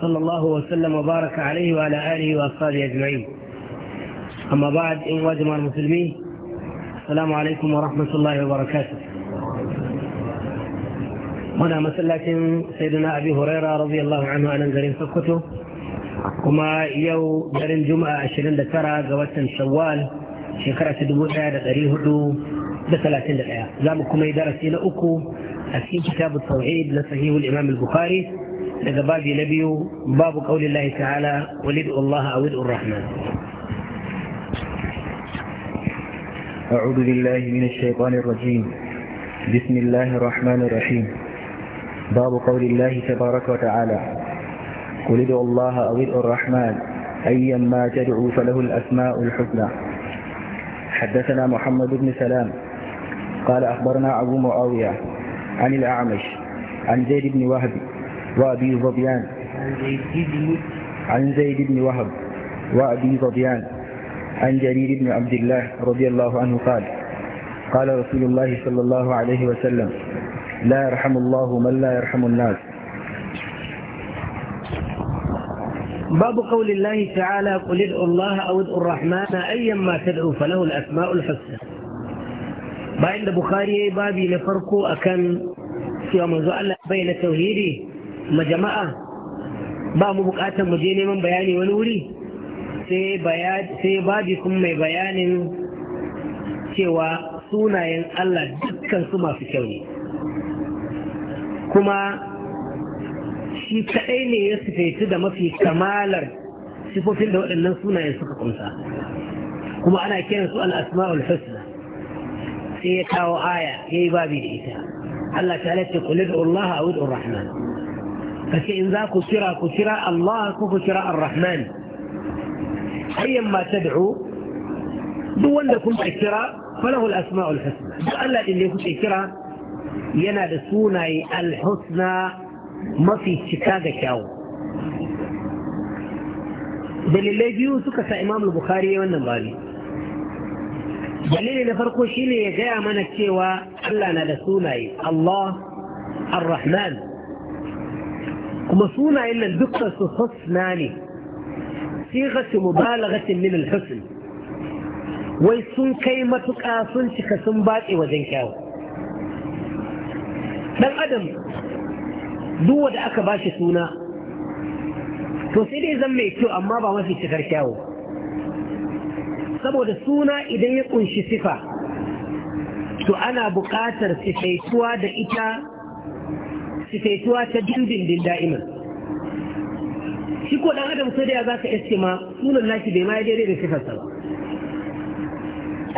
صلى الله وسلم وبارك عليه وعلى آله وأصحابه أجمعين أما بعد إن واجمع المسلمين السلام عليكم ورحمة الله وبركاته هنا مسألة سيدنا أبي هريرة رضي الله عنه أن قريب سكته وما يو قريب جمعة 29 قوات شوال في ta dubu ɗaya da بثلاثين hudu da talatin da ɗaya za mu kuma yi darasi na uku daga لبيو باب قول الله تعالى lahi الله أو Allah الرحمن أعوذ بالله من الشيطان الرجيم بسم الله الرحمن الرحيم باب قول الله تبارك وتعالى قل ادعوا الله أو ادعوا الرحمن أيا ما تدعوا فله الأسماء الحسنى حدثنا محمد بن سلام قال أخبرنا أبو معاوية عن الأعمش عن زيد بن وهب وأبي ظبيان عن زيد بن وهب وأبي ظبيان عن جرير بن عبد الله رضي الله عنه قال قال رسول الله صلى الله عليه وسلم لا يرحم الله من لا يرحم الناس باب قول الله تعالى قل ادعوا الله او ادعوا الرحمن ايما تدعوا فله الاسماء الحسنى بعد البخاري بابي ya اكن babi na الله بين توحيده majama'a jama'a ba mu bukatar mu je neman bayani wani wuri sai babi sun mai bayanin cewa sunayen Allah dukkan su masu kyau ne kuma shi kaɗai ne ya sufaitu da mafi kamalar sifofin da waɗannan sunayen suka kunsa kuma ana kiran su al'asma'ul husna sai ya kawo aya ya yi babi da ita Allah ta halatta kulli da Allah a wudun Rahman فكإن ذا كسرى كسرى الله كسرى الرحمن أيا ما تدعو دون لكم كسرى فله الأسماء الحسنى وألا اللي يكون كسرى ينال سوني الحسنى ما في شكاك كاو بل اللي جيو سكة إمام البخاري ونن غالي دليل نفرق فرقوا يجاء من الشيوى ألا نال الله الرحمن kuma sunayen nan dukkan su husna ne sigatu mubalaghatin min al wai sun kai matuƙa sun cika sun batse wajen kyawu dan adam duk wanda aka bashi suna to sai dai zan mai kyau amma ba mafi cikar kyawu saboda suna idan ya kunshi sifa to ana buƙatar sifaituwa da ita sifaituwa ta dindindin da'iman shi ko dan adam sai da ya zaka iske ma sunan naki bai ma ya daidai da sifarsa ba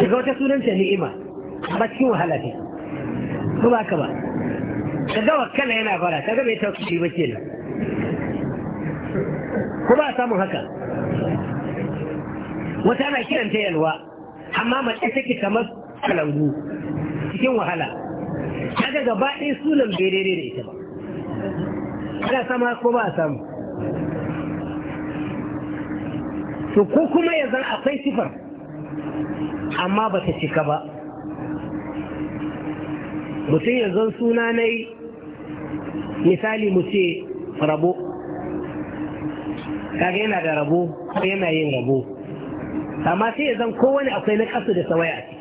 daga wata sunanta ni'ima ba cikin wahala ce ko ba ka ba wa wakkala yana fara kaga bai tausayi ba kenan ko ba samun haka wata ana ta yalwa amma mace take kamar kalangu cikin wahala kaga gaba ɗaya sunan bai daidai da ita ba ana sama ko ba a samu to ko kuma ya zan akwai sifar amma ba ta cika ba mutum ya zan suna na misali mu ce rabo kaga yana da rabo ko yana yin rabo amma sai ya zan kowane akwai na kasu da sawaya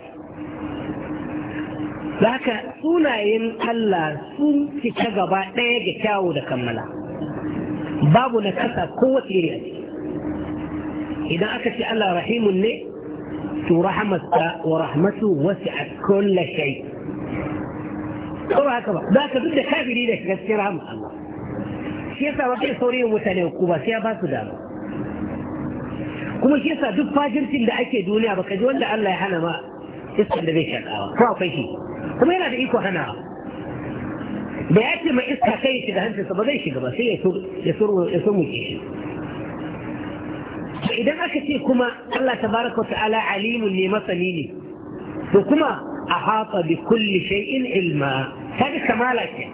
haka sunayen Allah sun fita gaba ɗaya ga kyawu da kammala babu na kasa kowace iri idan aka ce Allah rahimun ne to rahamarsa wa rahmatu wasi'at kulla shay ko haka ba za ka duk da kafiri da gaskiyar rahmar Allah shi yasa ba kai saurayin mutane ku ba sai ya ba su dama kuma shi yasa duk fajircin da ake duniya baka ji wanda Allah ya hana ma iskan da bai shaƙawa ko akwai shi kuma yana da iko hana da ya ce mai iska kai shiga hancinsa ba zai shiga ba sai ya surmuke shi to idan aka ce kuma Allah tabaraka ta'ala alimun ne masani ne to kuma a hafa bi kulli shay'in ilma kaga kamala ce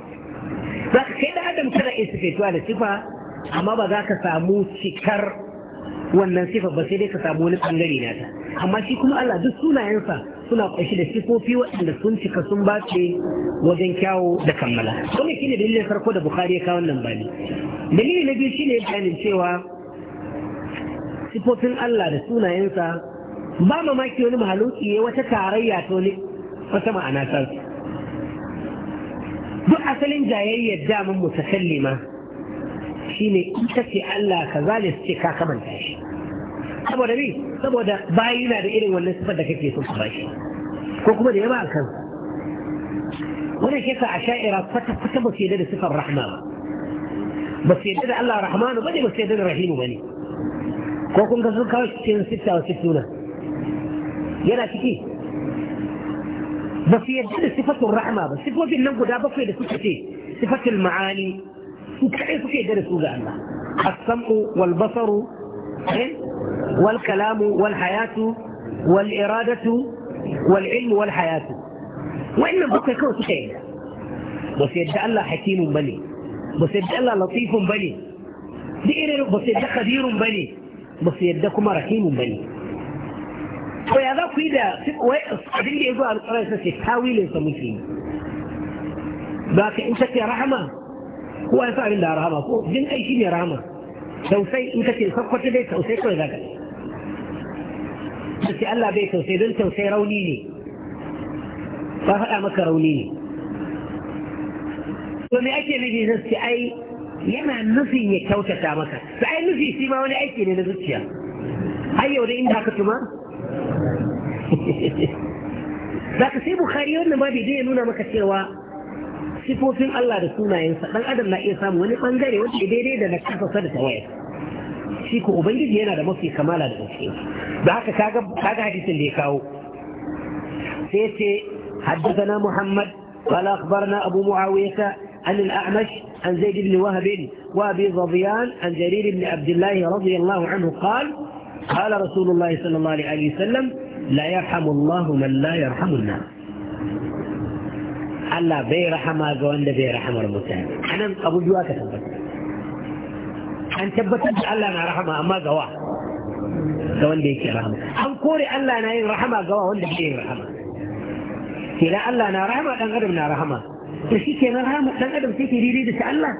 za ka kai da adam kada istifetuwa da sifa amma ba za ka samu cikar wannan sifa ba sai dai ka samu wani bangare nata amma shi kuma Allah duk sunayensa suna ƙunshi da sifofi waɗanda sun cika sun bace wajen kyawo da kammala shi shine dalilin farko da bukhari ya kawo nan bani dalili na biyu shine bayanin cewa sifofin Allah da sunayensa ba mamaki wani mahaluki ya wata tarayya ta wani wata ma'ana ta duk asalin jayayyar daman mutasallima shine ita ce Allah kaza zalis ce ka kamanta shi saboda ni saboda bayi yana da irin wannan sifar da kake son su bashi ko kuma da yawa a kan wannan ke sa a sha'ira kwata kwata ba su yadda da sifar rahma ba ba su yadda da Allah rahmanu ba ne ba su yadda da rahimu ba ko kun ga sun kawo cikin sitta wa sittuna yana ciki ba su yadda da sifatun rahma ba sifofin nan guda bakwai da suka ce sifatul ma'ani su kaɗai suke yadda da su ga Allah السمع والبصر والكلام والحياة والإرادة والعلم والحياة وإن بكر كون شيء بس يدعى الله حكيم بني بس يدعى الله لطيف بني بس يدعى خبير بني بس يدعى رحيم بني ويا ذا كيدا أدل يقول على القرآن سنسي تاويل سمسي باك يا رحمة هو يفعل الله رحمة جن أي شيء يا رحمة سوسي إن كتير سوف قتل سوسي كوي ذاك sai Allah bai tausayi don tausayi rauni ne ba faɗa maka rauni ne to me ake nufi na ce ai yana nufin ya kyautata maka da ai nufi shi ma wani aiki ne na zuciya ai yau inda haka tuma za ka sai bukari wannan babi dai ya nuna maka cewa sifofin Allah da sunayensa dan adam na iya samun wani bangare wanda daidai da na kafa da tawaya shi ko ubangiji yana da mafi kamala da gaske da haka kaga hadisin اللي كاو kawo sai ce haddasa قال اخبرنا ابو معاويه عن الاعمش عن زيد بن وهب وابي ظبيان عن جرير بن عبد الله رضي الله عنه قال قال رسول الله صلى الله عليه وسلم لا يرحم الله من لا يرحم الناس الا بي رحم اغوان دبي رحم المتان انا ابو جواك تبت ان تبت الله ما رحمه اما جواه ga wanda yake rahama an kore Allah na yin rahama ga wanda yake yin rahama kenan Allah na rahama dan adam na rahama to shi kenan rahama dan adam sai ke da ta Allah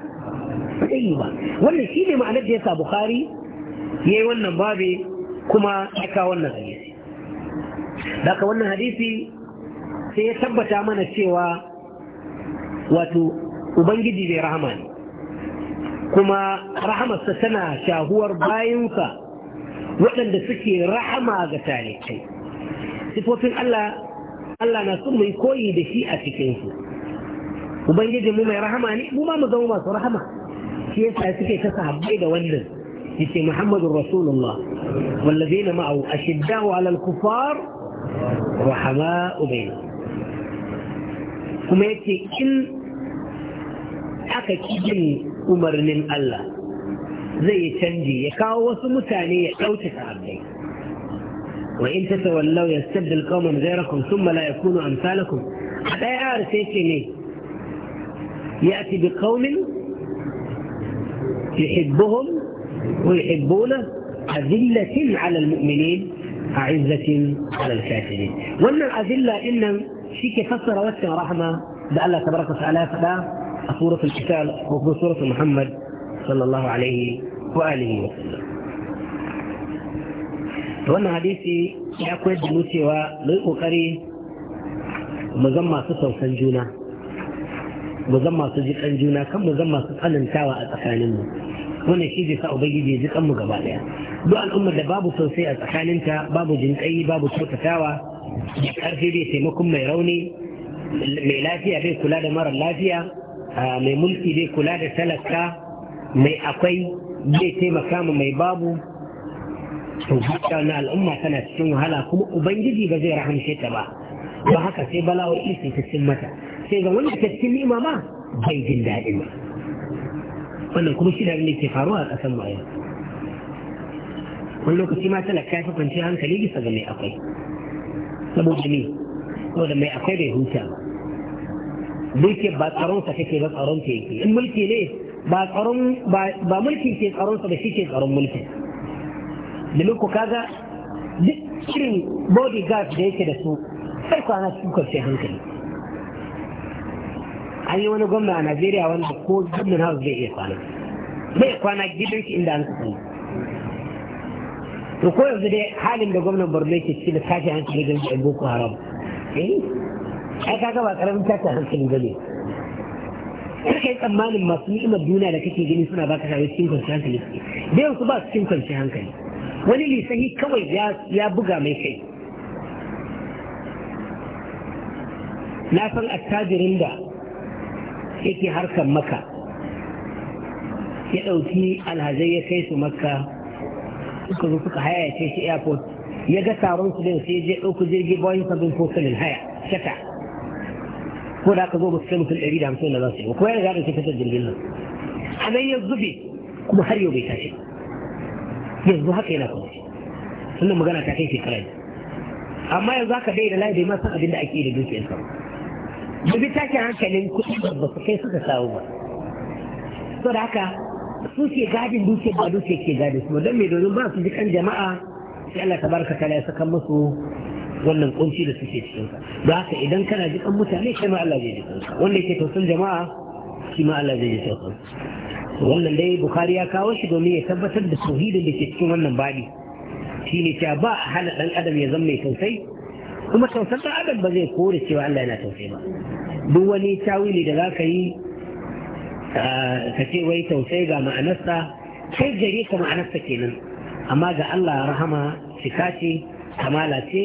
ba yi ba wannan shi ne ma'anar da yasa Bukhari yayi wannan babe kuma ya kawo wannan hadisi daga wannan hadisi sai ya tabbata mana cewa wato ubangiji bai rahama ne kuma rahamarsa tana shahuwar bayinka. waɗanda suke rahama ga talibai sifofin Allah Allah na son mai koyi da shi a cikin su ubangiji mu mai rahama ne mu ma mu zama masu rahama shi yasa suke ta sahabbai da wannan yace Muhammadur Rasulullah wallazina ma'ahu ashiddahu 'alal kufar rahama'u bainahum kuma yace in aka kijin umarnin Allah زي تنجي كاو وسم ثاني لو تتعبدي وإن تتولوا يستبدل قوما غيركم ثم لا يكونوا أمثالكم حتى يعرف يكيني يأتي بقوم يحبهم ويحبونه أذلة على المؤمنين أعزة على الكافرين وأن الأذلة إن شيك كفصر وكفر رحمة بألا تبارك وتعالى فلا سورة الكتاب وفي سورة محمد sallallahu alaihi wa alihi wa sallam wannan hadisi ya koyar da mu cewa mu yi kokari mu zan masu sausan juna mu zan masu jikan juna kan mu zan masu tsanantawa a tsakaninmu wannan shi zai sa ubangiji ya jikan mu gaba daya duk al'ummar da babu sosai a tsakaninta babu jinkai babu kyautatawa da karfi bai taimakon mai rauni mai lafiya bai kula da mara lafiya mai mulki bai kula da talaka mai akwai zai taimaka ma mai babu to haka na al'umma tana cikin wahala kuma ubangiji ba zai rahamce ta ba ba haka sai bala'o'i sai ta cin mata sai ga wanda ta cin nima ma bai jin daɗi ba wannan kuma shi da ne ke faruwa a ƙasar mu yau wani lokaci ma talaka ya fi kwanciyar hankali bisa ga mai akwai saboda ni saboda mai akwai bai huta ba dukiyar ba tsaron sa kake ba tsaron ta yake in mulki ne ba tsaron ba mulki ke tsaron sa ba shi ke tsaron mulki domin ku kaga duk irin bodyguard da yake da su sai kwana cikin kwanciyar hankali an yi wani gwamna a najeriya wanda ko gwamnan house zai iya kwana zai kwana gidan shi inda an kasance to ko yanzu dai halin da gwamnan borno ke ciki da tashi hankali don yan boko haram eh ai kaga ba karamin tashi hankali ba kar ka tsammanin masu ni'imar duniya da kake gani suna baka shawo cikin kwanci hankali da yau su ba su cikin kwanci hankali wani lisani kawai ya buga mai kai na san attajirin da yake harkar maka ya ɗauki alhazai ya kai su maka, suka zo suka haya ya ce shi airport ya ga taron su din sai je ɗauku jirgi boeing sabin kokalin haya shata ko da aka zo ba su kai mutum ɗari da hamsin da za su yi ko yana gane fitar jirgin nan a nan ya zube kuma har yau bai tashi yanzu haka yana kuma sannan magana ta kai shekara ne amma yanzu haka dai da laifin ma san abin da ake yi da dukiyar sa ba bi tashin hankalin kuɗi ba su kai suka samu ba da haka su ke gadin dukiyar ba dukiyar ke gadin su don mai domin ba su ji kan jama'a sai Allah tabaraka ta ya saka musu wannan kunci da suke cikin ka da haka idan kana jikan mutane shi ma Allah zai ji kanka wanda yake tausan jama'a shi ma Allah zai ji tausan wannan dai Bukhari ya kawo shi domin ya tabbatar da tauhidin da ke cikin wannan shi ne cewa ba hana dan adam ya zama mai tausayi kuma tausan dan adam ba zai kore cewa Allah yana tausayi ba duk wani tawili da zaka yi ka ce wai tausayi ga ma'anarsa kai gare ka ma'anarsa kenan amma ga Allah rahama cika ce kamala ce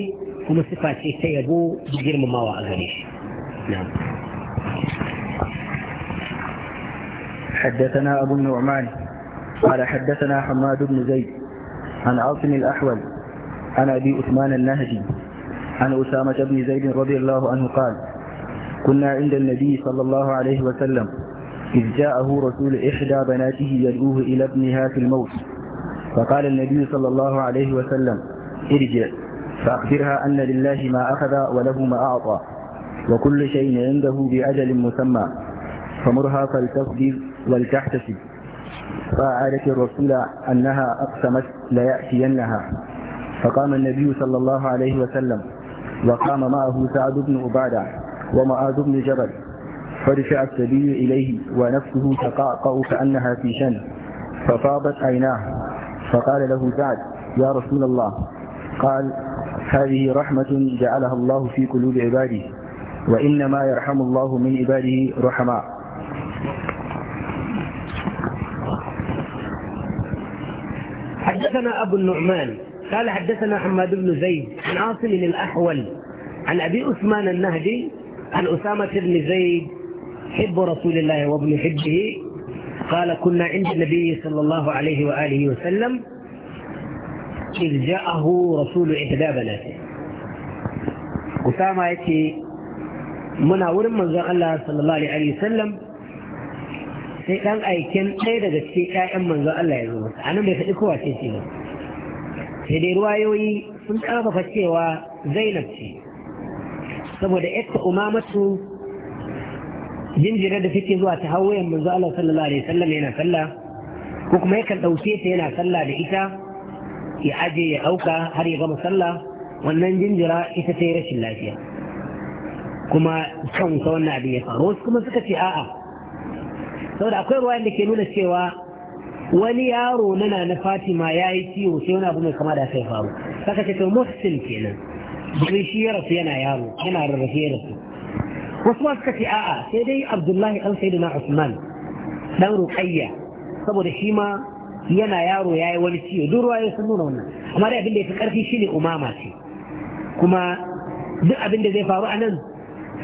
كما sifa ce ta yabo da girmamawa حدثنا أبو النعمان قال حدثنا حماد بن زيد عن عاصم الأحول عن أبي أثمان النهدي عن أسامة بن زيد رضي الله عنه قال كنا عند النبي صلى الله عليه وسلم إذ جاءه رسول إحدى بناته يدعوه إلى ابنها في الموت فقال النبي صلى الله عليه وسلم ارجع فأخبرها أن لله ما أخذ وله ما أعطى وكل شيء عنده بأجل مسمى فمرها فلتصبر ولتحتسب فأعادت الرسول أنها أقسمت ليأتينها فقام النبي صلى الله عليه وسلم وقام معه سعد بن عبادة ومعاذ بن جبل فرفع السبيل إليه ونفسه تقعقع كأنها في شن ففاضت عيناه فقال له سعد يا رسول الله قال هذه رحمة جعلها الله في قلوب عباده وإنما يرحم الله من عباده رحماء حدثنا أبو النعمان قال حدثنا حماد بن زيد عن عاصم الأحول عن أبي أثمان النهدي عن أسامة بن زيد حب رسول الله وابن حبه قال كنا عند النبي صلى الله عليه وآله وسلم إذ جاءه رسول إحدى بناته أسامة يتي muna wurin manzon Allah sallallahu alaihi wasallam sai dan aikin ɗaya daga cikin ƴaƴan manzon Allah ya zo masa anan bai faɗi kowa ce ce ba sai dai ruwayoyi sun ƙarfafa cewa Zainab ce saboda ita umamatu jinjirar da take zuwa ta hawayen manzon Allah sallallahu alaihi wasallam yana sallah ko kuma yakan ɗauke ta yana sallah da ita ya aje ya ɗauka har ya gama sallah wannan jinjira ita ta yi rashin lafiya kuma kan ka wannan abin ya faru wasu kuma suka ce a'a saboda akwai ruwayan da ke nuna cewa wani yaro nana na fatima ya yi ciwo sai wani abu mai kama da sai faru saka ce to muhsin kenan domin shi ya rasu yana yaro yana rarrafe ya rasu wasu ma suka ce a'a sai dai abdullahi dan sayyidina usman dan ruqayya saboda shi ma yana yaro yayi wani ciwo duk ruwaye sun nuna wannan amma dai abin da fi karfi shine umama ce kuma duk abin da zai faru a nan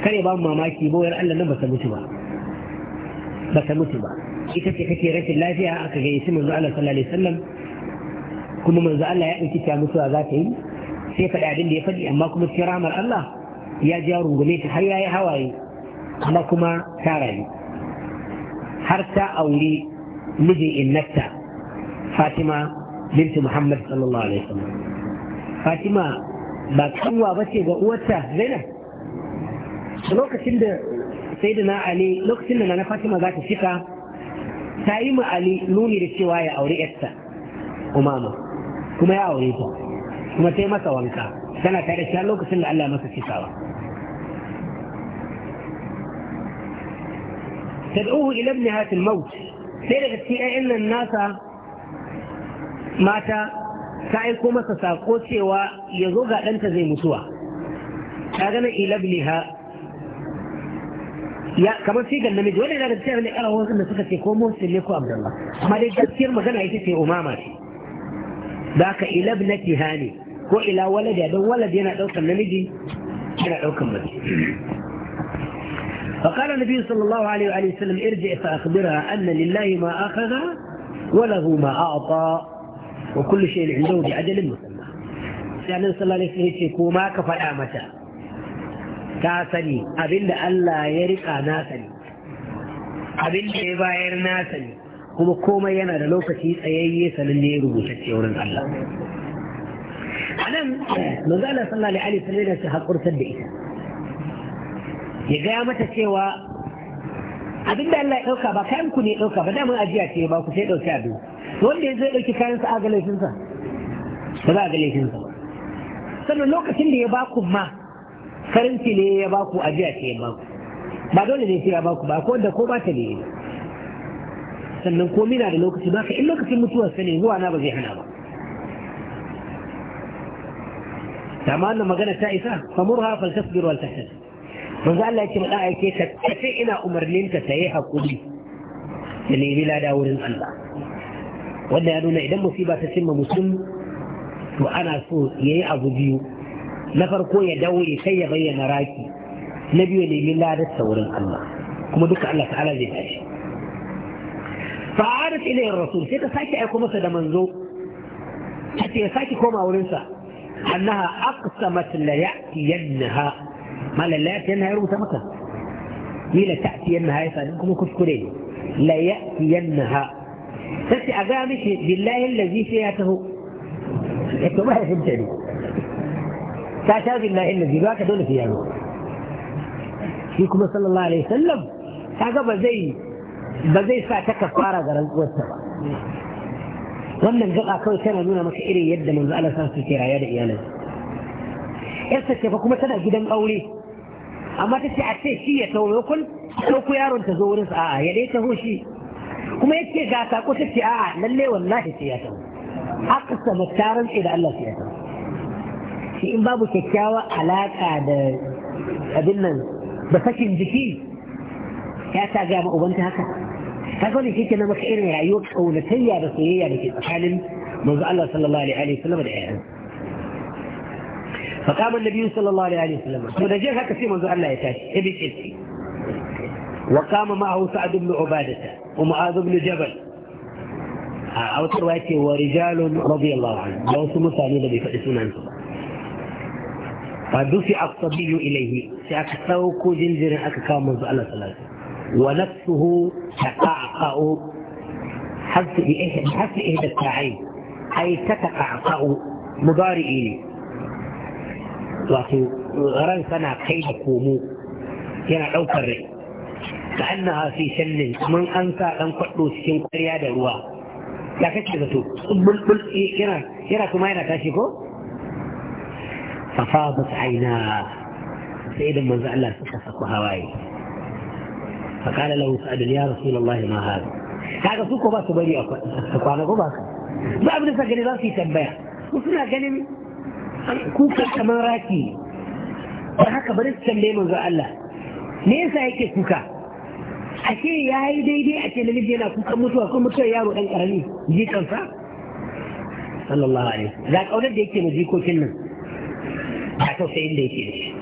kare ba mu mamaki boyar Allah nan ba ta mutu ba ba ta mutu ba ita ce kake rashin lafiya aka gayyaci manzo Allah sallallahu alaihi wasallam kuma manzo Allah ya dauki ta mutuwa za ta yi sai faɗi abin da ya faɗi amma kuma cikin ramar Allah ya ji ya rungume ta har yayi hawaye amma kuma ta rayu har ta aure mijin innata fatima binti muhammad sallallahu alaihi wasallam fatima ba kanwa ba ce ga uwarta zainab lokacin da sai da na ali lokacin da na fatima za ta shika ta yi ma ali nuni da cewa ya aure yarta umama kuma ya aure ta kuma ta yi masa wanka tana tare da lokacin da allah ya masa cikawa تدعوه إلى Maut sai daga سيرة ƴaƴan أن nasa. mata ta aiko masa sako cewa ya zo ga ɗanta zai mutuwa ta gana ilabliha ya kamar shi ga namiji wanda yana da cewa ne ƙara wasu suka ce ko musul ne ko abdullah amma dai gaskiyar magana ita ce umama ce da ka ilablati ha ne ko ila walada don walad yana ɗaukar namiji yana ɗaukar mace فقال النبي صلى الله عليه وآله وسلم ارجع فأخبرها أن لله ما أخذ وله ما أعطى wa kullu shay'in indahu bi ajalin musamma sai annabi sallallahu alaihi ko ma ka faɗa mata ta sani abinda Allah ya rika na sani abinda ya bayar na sani kuma komai yana da lokaci tsayayye sanin ya rubuta wurin Allah a nan manzo Allah sallallahu alaihi wasallam yana ta haƙurtar da ita ya gaya mata cewa abinda Allah ya ɗauka ba kayan ku ne ɗauka ba daman ajiya ce ba ku sai ɗauki abin wanda ya zai ɗauki kayansa a ga laifinsa ba za a ga laifinsa sannan lokacin da ya baku ma karanci ne ya baku ajiya ce ya baku ba dole ne sai ya baku ba ko wanda ko ba ta ne sannan ko mina da lokaci ba ka in lokacin mutuwar sa ne zuwa na ba zai hana ba amma wannan magana ta isa famurha faltasbir wal tahtas manzo Allah ya ce da aike ka sai ina umarnin ta yi hakuri da nemi lada wurin Allah wanda ya nuna idan musiba ta cimma mutum to ana so ya yi abu biyu na farko ya daure sai ya bayyana raki na biyu ne nemi ladar saurin Allah kuma duka Allah ta'ala zai tashi fa'adat ilayhi rasul sai ka sake aiko masa da manzo hatta ya sake koma wurin sa annaha aqsamat la ya'ti yanha mala la ya'ti yanha ruta maka ni la yanha ya sani kuma kuskure ne la yanha تأتي أقامك بالله الذي سياته إنه ما يحب تاني تأتي بالله الذي ما كدون في يعني فيكم صلى الله عليه وسلم تأقب زي بزي ساعتك فارا قرن والسبع ومن الزقاء كوي كان دون مكئري يد من ذألة سنة سكيرا يد إيانا إرسك فكما تنا قدم أولي أما تسي عسيه شيئة وكل سوكو يارون تزورس آه يليته شيئ kuma yake ga sako ta ce a'a lalle wallahi sai ya taho aqsa mutaran ila Allah sai ya taho shi in babu kyakkyawa alaka da abin nan da sakin jiki ya ta ga ma ubanta haka kaga ne kike na maka irin rayuwar kaunatayya da soyayya da ke tsakanin manzo Allah sallallahu alaihi wa sallam da ayyan فقام النبي صلى الله عليه وسلم ونجيه هكا في منذ الله يتاشي ابي كيسي وقام معه سعد بن عبادة ومعاذ بن جبل آه، أو رواية ورجال رضي الله عنه لو سمو ثاني الذي فأسون أنتم فدفع الصبي إليه سأكثوك جنجر أككام على ثلاثة ونفسه تقعقع حتى إحدى إهد الساعين أي تتقعقع مضارئين لكن غران سنة قيد كومو كان أوكر ka annaha fi shallin kaman an sa dan kwaddo cikin kwarya da ruwa ya kake zato bulbul eh, yana yana kuma yana tashi ko fa fafadat aina sai idan manzo Allah suka saku hawaye فقال له سعد يا رسول الله ما هذا kaga su ko ba su bari a kwana ko ba ka ba abin da sa gani za su yi tambaya su suna ganin kuka kamar raki Ba haka bari su tambaye manzo Allah me yasa yake kuka a ce ya yi daidai a ce namiji yana kukan mutuwa ko mutuwar yaro ɗan ƙarami jikansa sallallahu alaihi ga ƙaunar da yake na jikokin nan a tausayin da yake da shi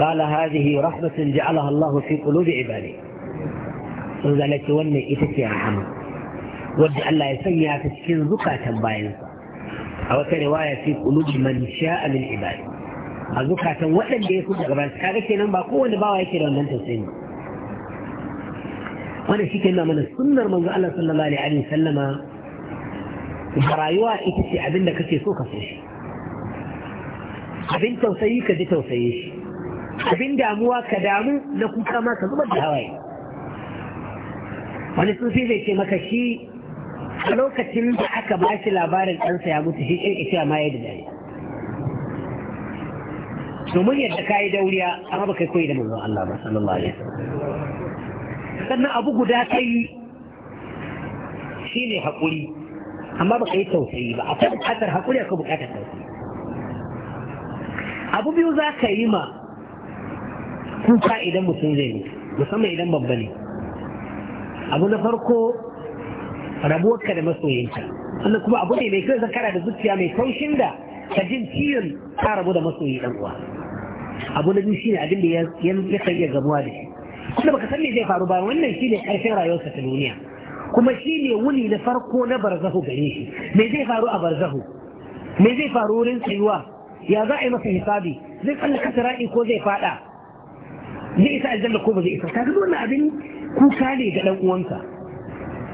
قال هذه رحمة جعلها الله في قلوب عباده وذلك وانا اتكي رحمة ودع الله يسمي تسكين زكاة باين أو رواية في قلوب من شاء من عباده a zukatan waɗanda ya kuka gaba kaga kenan ba kowane bawa yake da wannan tausayi wanda shi ke mana sunnar manzo Allah sallallahu alaihi wa sallama ba rayuwa ita ce abin da kake so ka so shi abin tausayi ka ji tausayi shi abin damuwa ka damu na kuka ma ka zubar da hawaye wani sufi zai ce maka shi a lokacin da aka ba shi labarin ɗansa ya mutu shi ita ma ya da dariya domin yadda ka yi dauriya amma ba kai koyi da manzon Allah ba sallallahu alaihi sannan abu guda kai shine haƙuri amma ba ka yi tausayi ba akwai buƙatar haƙuri akwai buƙatar tausayi abu biyu za ka yi ma kuka idan mutum zai ne musamman idan babba ne abu na farko rabuwarka da masoyinka wannan kuma abu ne mai kyau zakara da zuciya mai taushin da ka jin ciyon ka rabu da masoyi dan uwa abu na biyu shine abin da ya kan iya gamuwa da shi kuma baka san me zai faru ba wannan shine karshen rayuwarsa ta duniya kuma shine wuni na farko na barzahu gare shi me zai faru a barzahu me zai faru wurin tsayuwa ya za a yi masa hisabi zai tsallaka sira'i ko zai fada zai isa aljanna ko ba zai isa kaga wannan abin kuka ne ga dan uwansa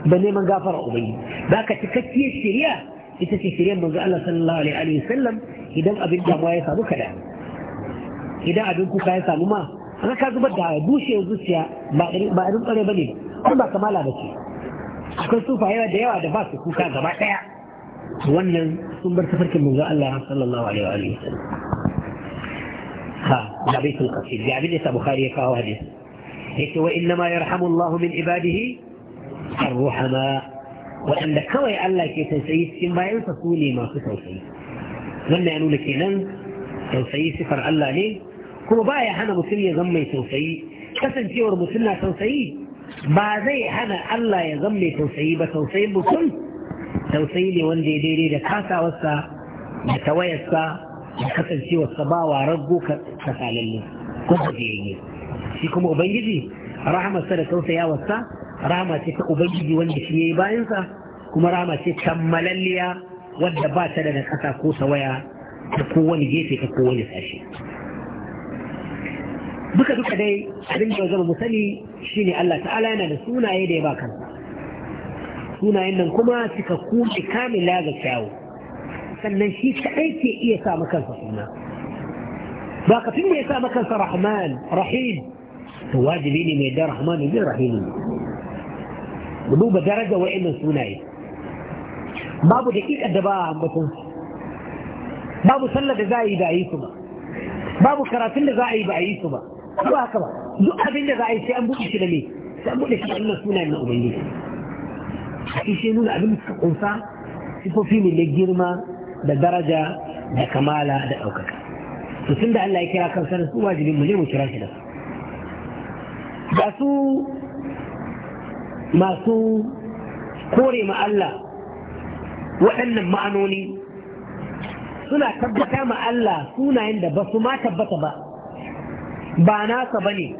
da neman gafara ubangi Ba ka cikakkiyar shari'a ita ce shari'ar manzo Allah sallallahu alaihi wa sallam idan abin damuwa ya faru kada idan abin kuka ya samu ma an ka zubar da bushewar zuciya ba abin kware ba ne kuma ba kamala ba ce akwai sufa yawa da yawa da ba su kuka gaba ɗaya wannan sun bar tafarkin manzo Allah sallallahu alaihi wa sallam ha da bai sun kafi da abin da sa bukhari ya kawo hadis yake wa inna ma yarhamu Allah min ibadihi ar-ruhama waɗanda kawai Allah ke tausayi cikin bayansa su ne masu tausayi wannan ya nuna kenan tausayi sifar Allah ne kuma ba ya hana mutum ya zama mai tausayi kasancewar mutum na tausayi ba zai hana Allah ya zama mai tausayi ba tausayin mutum tausayi ne wanda ya daidai da kasawarsa da tawayarsa da kasancewarsa ba wa rago kasalalle ko gajiyayye shi kuma ubangiji rahamarsa da tausayawarsa rahama ce ta ubangiji wanda shi ya yi bayansa kuma rahama ce kammalalliya wadda ba ta da kasa ko tawaya ta kowane gefe ta kowane sashi duka duka dai abin da zama musani ne Allah ta'ala yana da sunaye da ya ba kansa sunayen nan kuma suka kuce kamila ga kyawu sannan shi kaɗai aiki iya sa kansa suna ba ka fin ya sa kansa rahman rahim to wajibi ne mai da rahman ne rahim mu duba daraja wa'annan sunaye babu daƙiƙar da ba a ambaton babu sallar da za a yi da a yi su ba babu karatun da za a yi ba a yi su ba ba haka duk abin da za a yi sai an buɗe shi da me sai an buɗe shi da Allah sunayen na ubangiji shi nuna abin da suka kunsa sifofi ne na girma da daraja da kamala da ɗaukaka to tun da Allah ya kira kansa da su wajibin mu ne mu kira shi da su ga su masu kore ma Allah waɗannan ma'anoni suna tabbata ma Allah sunayen da ba su ma tabbata ba ba nasa ba ne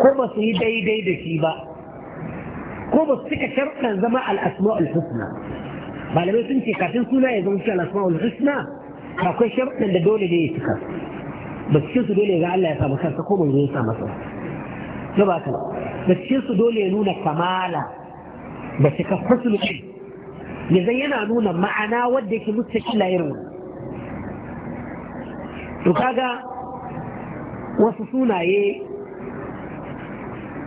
ko ba su yi daidai da shi ba ko ba su cika sharɗan zama al'asma'ul husna da sun ce kafin suna ya zama al'asma'ul husna kai sharɗan da dole ne ya cika ba cikin su dole ga Allah ya samu kansa ko mai ya samu kansa na ba ka ba cikin su dole ya nuna kamala ba cika fasul ya zai yana nuna ma'ana wadda yake mustaqila irin to kaga wasu sunaye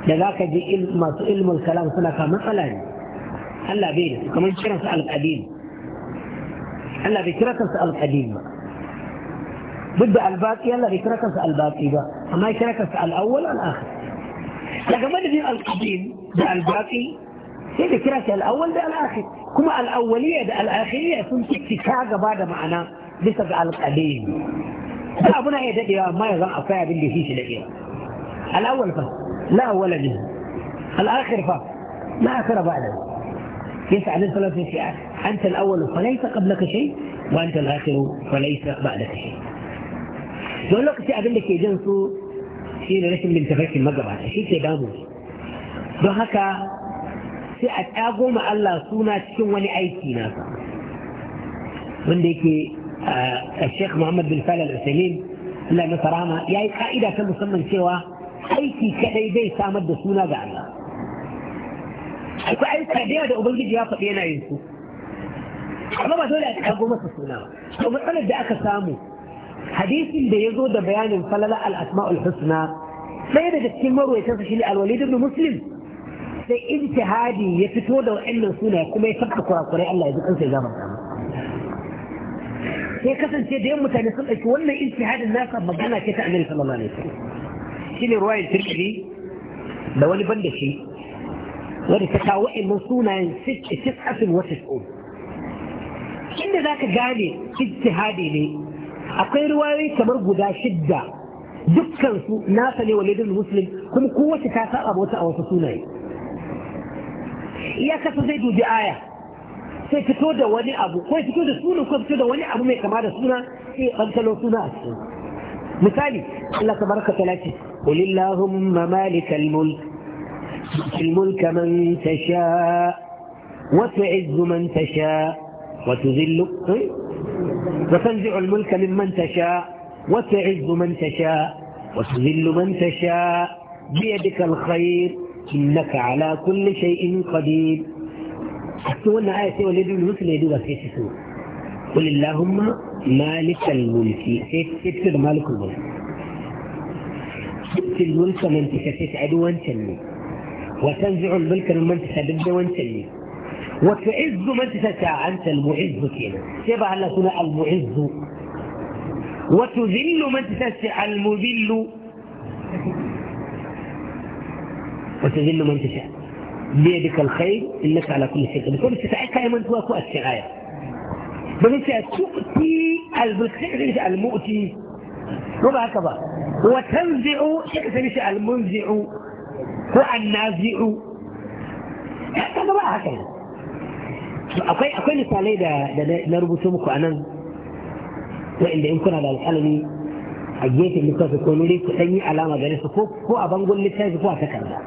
da za ka ji masu ilmul kalam suna ka matsala ne Allah bai da kamar kiransa alƙadim Allah bai kira kansa alƙadim ba duk da albaƙi Allah bai kira kansa albaƙi ba amma ya kira kansa al'awwal al'akhir daga madadin alƙadim da albaƙi sai da kira shi al'awwal da al'akhir kuma al'awwaliya da al'akhiriya sun ci ta gaba da ma'ana bisa ga alƙadim لا أبونا إيه تدي ما يظن أفايا باللي فيه شيء الأول فا لا أول منه الآخر فا ما آخر بعده يسأل الصلاة في أنت الأول فليس قبلك شيء وأنت الآخر فليس بعدك شيء يقول لك abin da ke jin su shi ne rashin bin tafarkin magabata shi ke damu don haka sai a tsago ma Allah suna آه، الشيخ محمد بن فال العثيمين لا مترانا يا اي يعني قائده كم مسمن سوى اي كي كدي بي سامد سونا غانا اكو اي كدي ده وبنجي يا فدينا ينسو انا ما دول اتكلم مس سونا لو مثلا ده سامو حديث ده يزو ده بيان فلل الاسماء الحسنى سيد الكمر ويتفشي الوليد بن مسلم سي انتهادي يفتو ده ان سونا كما يفكر قران الله يذكر سيدنا محمد sai kasance da yamma mutane sun dauki wannan ijtihadin nasa magana ke ta annabi sallallahu alaihi wasallam shine ruwayar tirmidhi da wani banda shi wani ta kawo wa'annan sunayen sit'atin wa tis'un inda zaka gane ijtihadi ne akwai ruwayoyi kamar guda shidda dukkan su nasa ne walidin muslim kuma kowace ta saba wata a wasu sunaye iya kasa zai dubi aya sai fito da wani abu ko fito da sunan ko fito da wani abu mai kama da suna sai kankalo suna a cikin misali Allah tabaraka ta lati qulillahumma malikal mulk tu'til mulka man tasha wa tu'izzu man tasha wa tuzillu wa tanzi'u al mulka mimman tasha wa tu'izzu man tasha wa tuzillu man tasha biyadika al khair innaka ala kulli shay'in qadir to wannan aya sai wanda dole في ne duba sai ce so qul مالك الملك mulki الملك من تشاء تسعد تنمي وتنزع الملك من تشاء تسعد وانتني وتعز من تشاء انت المعز كنا تبع لسنا المعز وتذل من تشاء المذل وتذل من تشاء بيدك الخير انك على كل شيء بكل استطاعتك يا من توافق السعاية بكل تؤتي البخير المؤتي وهكذا وتنزع شيء سميش المنزع والنازع هكذا بقى هكذا أقول أقول مثالي دا نربط سمك أنا وإن يمكن على الحلم أجيت اللي كان في كونولي تحيي علامة جريسة فوق هو لك لتاج فوق هكذا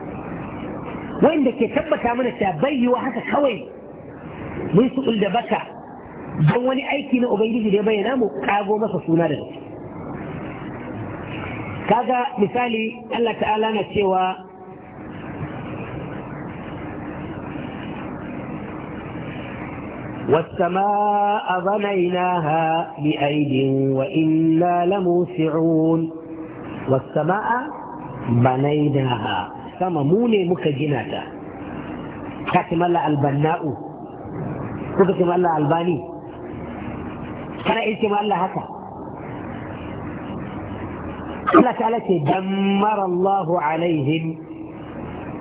وين دك يكبك من التابي وهذا خوي ليس قل دبكا جواني أي كنا أبيني جدي بينا مكاغو ما سسونا رد كذا مثالي الله تعالى نسيوا والسماء بنيناها بأيد وإنا لموسعون والسماء بنيناها sama mu ne muka gina ta ka ce albanna'u kuka ce malla albani kana iya ce malla haka Allah ta'ala ce dammara Allah alaihim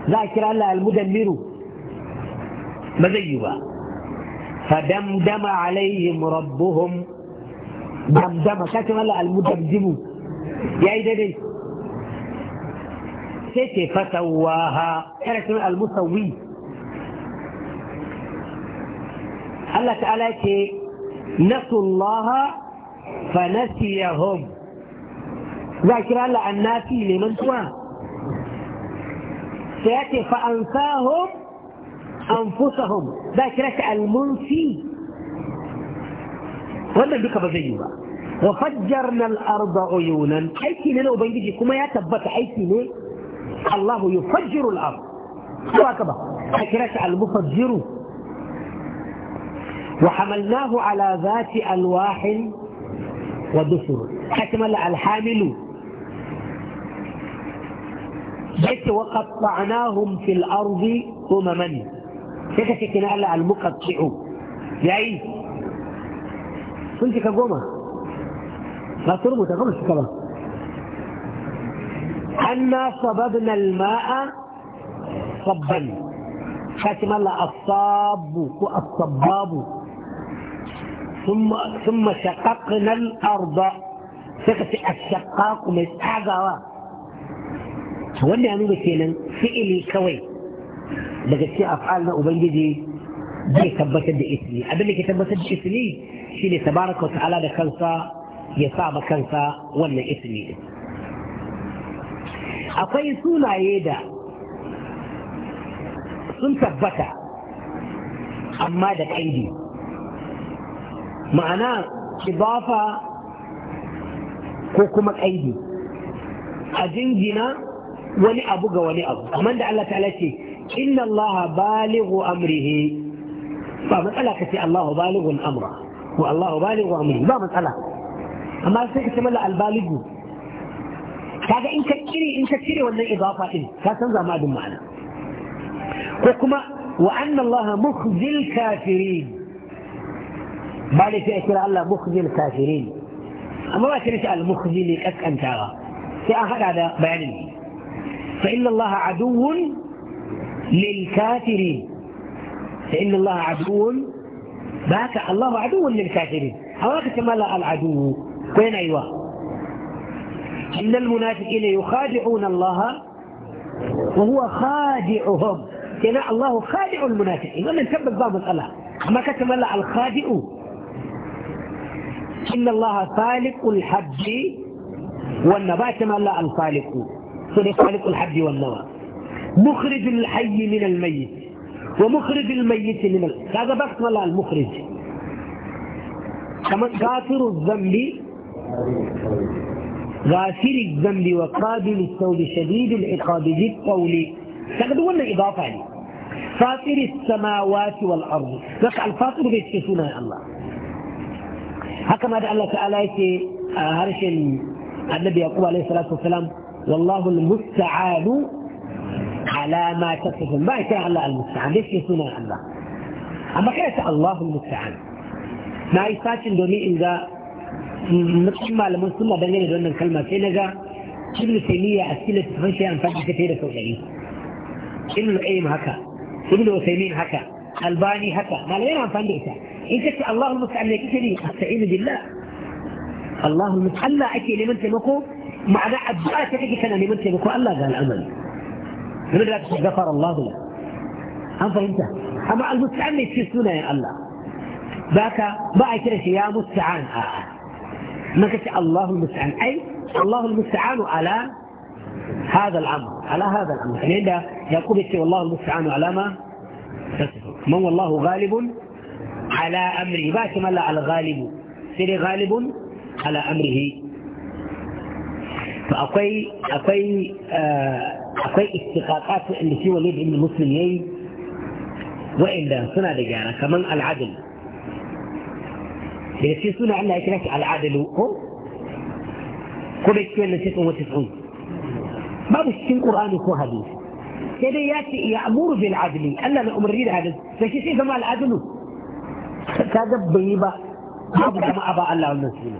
za a kira Allah almudammiru ba zai yi ba فدمدم عليهم ربهم دمدم كاتم الله المدمدم يا ايدي سيتي فتواها حركنا المسوي الله تعالى نسوا الله فنسيهم ذاكرا الناس لمن سواه سيأتي فأنساهم أنفسهم ذاكرة المنسي وأنا بك بزيوة وفجرنا الأرض عيونا حيث لنا وبينجي كما يتبت حيث لنا الله يفجر الأرض كما كما المفجر وحملناه على ذات ألواح ودفر أكمل الحامل بيت وقطعناهم في الأرض أمما كيف تكن على المقطع يعني كنت كقومة لا تربط غمش أنا صببنا الماء صبا حكم الله ل اصاب ثم, ثم شققنا الأرض ل أ ر ض فقط الشقاق من اعجوى ولانه مثلا فئل الكوي لكي افعلنا ابنجدي دي ثبت باسمي ابنك ثبت باسمي شيل تبارك وتعالى لكنسى يصاب كنسى ولا اسمي akwai sunaye da sun tabbata amma da ƙaidi ma'ana idafa ko kuma ƙaidi a jingina wani abu ga wani abu amma da Allah ta'ala ce inna Allah balighu amrihi ba matsala ka ce Allah balighu amra wa Allah balighu amrihi ba matsala amma sai ka ce mala albaligu kaga in ka cire in ka cire wannan idafa din ka canza ma abin ma'ana ko kuma wa anna Allah mukhzil kafirin ba da sai kira Allah mukhzil kafirin amma ba kira shi al mukhzil kaskantawa sai an hada da bayanin fa inna Allah aduwwun lil kafirin fa inna Allah aduwwun baka Allah aduwwun lil kafirin awaka kamala al aduwwu ko yana yiwa إن المنافقين يخادعون الله وهو خادعهم كنا الله خادع المنافقين ومن سبب باب مسألة ما كتب الله الخادع إن الله خالق الحج والنبات ما الله الخالق خالق الحج والنوى مخرج الحي من الميت ومخرج الميت من ال... هذا بس ولا المخرج كما غافر الذنب غافر الذنب وقابل التوب شديد العقاب ذي القول تقدرون إضافة عليه فاطر السماوات والأرض لك الفاطر بيتكسونا يا الله هكما الله تعالى يتي هرش النبي يقول عليه الصلاة والسلام والله المستعان على ما تصفون ما يتي الله المستعان ليش يسونا يا الله أما كيف الله المستعان ما يساكن دوني إن ذا matsayin malaman sunna dangane da wannan kalma sai na ga ibnu taymiya a cikin littafin shi an faɗi ta da sau ɗari ibnu qayyim haka ibnu usaymin haka albani haka malamai na amfani da ita in ka ce Allahu musta'an ne kike ne astaeenu billah Allahu musta'an Allah ake neman taimako ma'ana addu'a ta kake kana neman taimako Allah ga al'amari game da ta gafara Allahu la an fahimta amma al-musta'an ne cikin sunayen Allah baka ba a kira shi ya musta'an a'a ما قلت الله المستعان أي الله المستعان على هذا الأمر على هذا الأمر يعني عند يقول والله المستعان على ما من والله غالب على أمره باش ما على غالب سيري غالب على أمره فأقوي أقوي آه، أقوي استقاطات اللي في وليد ابن مسلم يي وإلا سنة دجانا كمان العدل daga cikin suna Allah ya kira shi al'adalu ko ko da cikin wannan cikin wata sun babu cikin Qur'ani ko hadisi sai dai ya ce ya amuru bil adli Allah na umarni da hadisi sai shi sai zama al'adalu ka ga bai ba babu da ma'a ba Allah wannan suna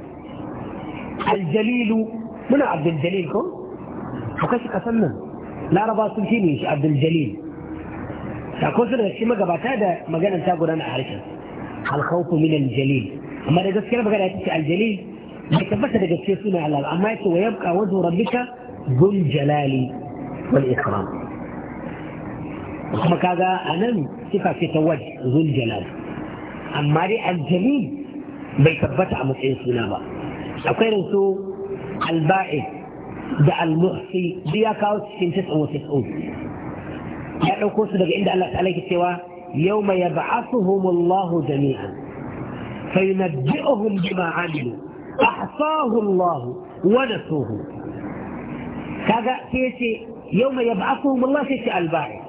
aljalilu muna abdul jalil ko akwai shi kasan nan laraba sun shi ne shi abdul jalil sakon su daga shi magabata da maganar ta gudana a harshen alkhawfu min aljalil amma da gaskiyar magana ta ce aljalil bai tabbata da gaske suna Allah amma yake wa yabqa wajhu rabbika dhul jalali wal ikram kuma kaga anan sifa ce ta wajh dhul jalal amma dai aljalil bai tabbata a matsayin suna ba akwai irin su alba'i da almuhsi duk ya kawo cikin tis'in wasu tis'in ya ɗauko su daga inda Allah ta ke cewa yau yawma yab'athuhum Allahu jami'an فينبئهم بما عملوا أحصاه الله ونسوه كذا سيسي يوم يبعثهم الله سيسي الباعث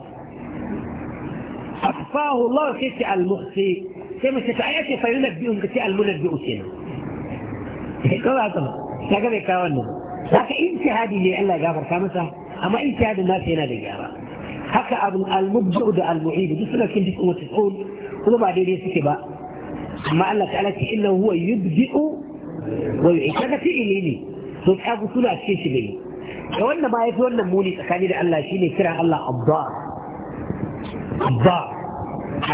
أحصاه الله سيسي المخفي كما ستعيش فينبئهم كسي المنبئ سنة كما كما لكن انت هذه اللي الله Allah gafarta اما انت هذا nasa yana da gyara haka المبجع al-mubdu da al-mu'id تقول suna cikin duk kuma amma Allah ta'ala ce illa huwa yubdi'u wa yu'id kaga fi'ili ne to ka suna cikin shi gani ga wanda ba wannan muni tsakani da Allah shine kira Allah abba abba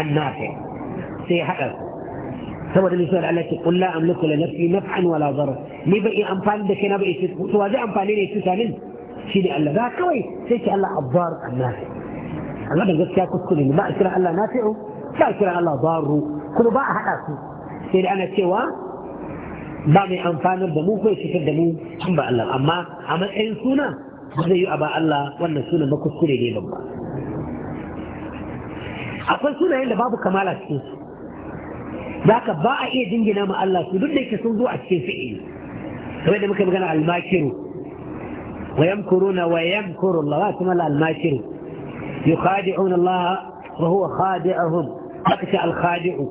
annafi sai hada saboda ni sai Allah ce qul la amliku li nafsi wala darar ni ba in amfani da kaina ba in to waje amfani ne tsanin shine Allah ba kawai sai ce Allah abbar annafi Allah da gaskiya kuskure a kira Allah nafi'u ba a Allah kuma ba a hada su sai da ana cewa ba mai amfanar da mu ko shigar da mu tun ba Allah amma a matsayin suna ba zai yi a ba Allah wannan sunan ba kuskure ne babba akwai sunayen da babu kamala cikin su zaka ba a iya dingina ma Allah su duk da yake sun zo a cikin fi'ili kamar da muka magana almakiru wa yamkuruna wa yamkuru Allah wa kuma almakiru yukhadi'una Allah wa huwa khadi'uhum haka al khadi'u